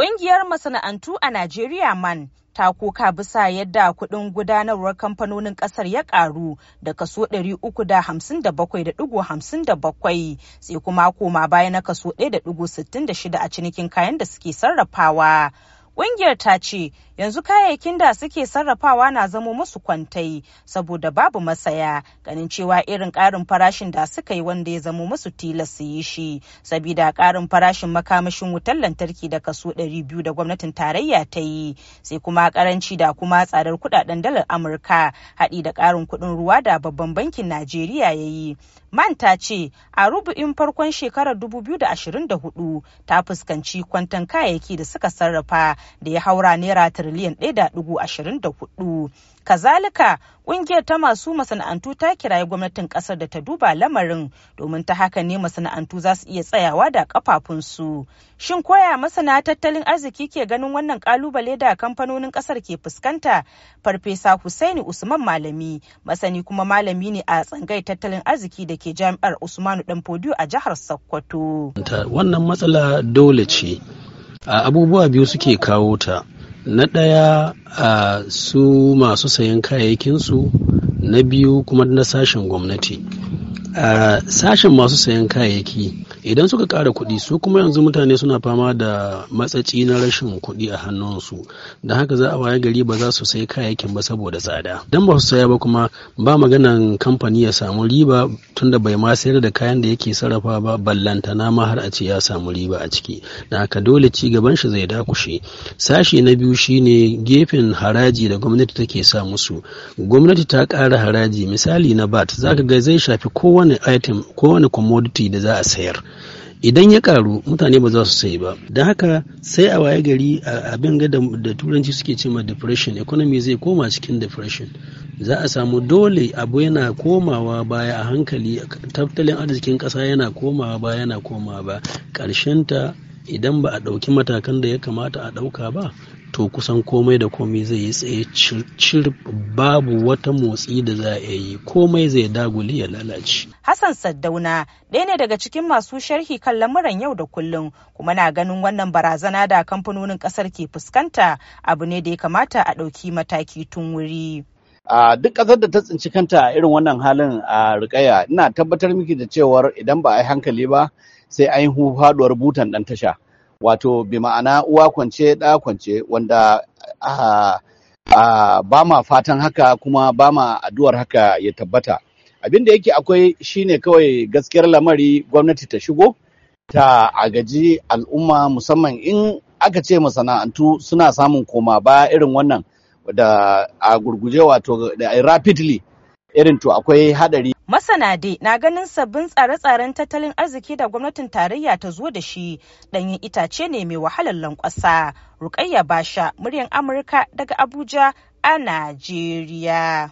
Ƙungiyar masana'antu a Najeriya man ta koka bisa yadda kuɗin gudanarwar kamfanonin ƙasar ya ƙaru da kaso 357.57 sai kuma koma baya na kaso 1.66 a cinikin kayan da suke sarrafawa. Ƙungiyar ta ce yanzu kayayyakin da suke sarrafawa na zamo musu kwantai saboda babu masaya ganin cewa irin ƙarin farashin da suka yi wanda ya zamo musu tilas su yi shi sabida ƙarin farashin makamashin wutar lantarki da kaso biyu da gwamnatin tarayya ta yi sai kuma karanci da kuma tsadar kudaden dalar amurka haɗi da ƙarin kuɗin ruwa da babban bankin najeriya ya yi manta ce a rubu'in farkon shekarar 2024 ta fuskanci kwantan kayayyaki da suka sarrafa da ya haura naira tiriliyan 1.24. Kazalika, ƙungiyar ta masu masana'antu ta kirayi gwamnatin ƙasar da ta duba lamarin domin ta haka ne masana'antu za su iya tsayawa da ƙafafunsu. Shin koya masana tattalin arziki ke ganin wannan kalubale da kamfanonin ƙasar ke fuskanta? Farfesa Husaini Usman Malami, masani kuma malami ne a tsangai tattalin arziki da ke jami'ar Usmanu Danfodiyo a jihar Sokoto. Wannan matsala dole ce. abubuwa biyu suke kawo ta na ɗaya a su masu sayan kayayyakinsu na biyu kuma na sashen gwamnati a sashen masu sayan kayayyaki idan suka ƙara kuɗi su kuma yanzu mutane suna fama da matsaci na rashin kuɗi a hannunsu da haka za a waye gari ba za su sai kayayyakin ba saboda tsada dan ba su saya ba kuma ba maganan kamfani ya samu riba tunda bai ma sayar da kayan da yake sarrafa ba ballantana ma har a ce ya samu riba a ciki da haka dole ci gaban shi zai dakushe sashi na biyu shine gefen haraji da gwamnati take sa musu gwamnati ta ƙara haraji misali na bat zaka ga zai shafi kowane item kowane commodity da za a sayar idan ya karu mutane ba za su sayi ba don haka sai a waye gari abin ga da turanci suke ce ma depression economy zai koma cikin depression za a samu dole abu yana komawa baya a hankali tattalin arzikin kasa yana komawa baya yana komawa ba ta idan ba a ɗauki matakan da ya kamata a ɗauka ba to kusan komai da komai zai yi tsaye cir babu wata motsi da za a yi komai zai dagule ya lalace. Hassan Saddauna ɗaya ne daga cikin masu sharhi kan lamuran yau da kullum kuma na ganin wannan barazana da kamfanonin ƙasar ke fuskanta abu ne da ya kamata a ɗauki mataki tun wuri. a duk ƙasar da ta tsinci kanta irin wannan halin a rikaya ina tabbatar miki da cewar idan ba a yi hankali ba sai an yi faduwar butan ɗan tasha. wato bi ma'ana uwa kwance ɗa kwance wanda ba ma fatan haka kuma ba ma addu'ar haka ya tabbata abin da yake akwai shine kawai gaskiyar lamari gwamnati ta shigo ta agaji al'umma musamman in aka ce masana'antu suna samun koma ba irin wannan da a gurguje wato rapidly irin to akwai hadari Masana dai na ganin sabbin tsare-tsaren tattalin arziki da gwamnatin tarayya ta zo da shi ɗanyen itace ne mai wahalar lankwasa. Rukayya Basha, muryan Amurka daga Abuja a Najeriya.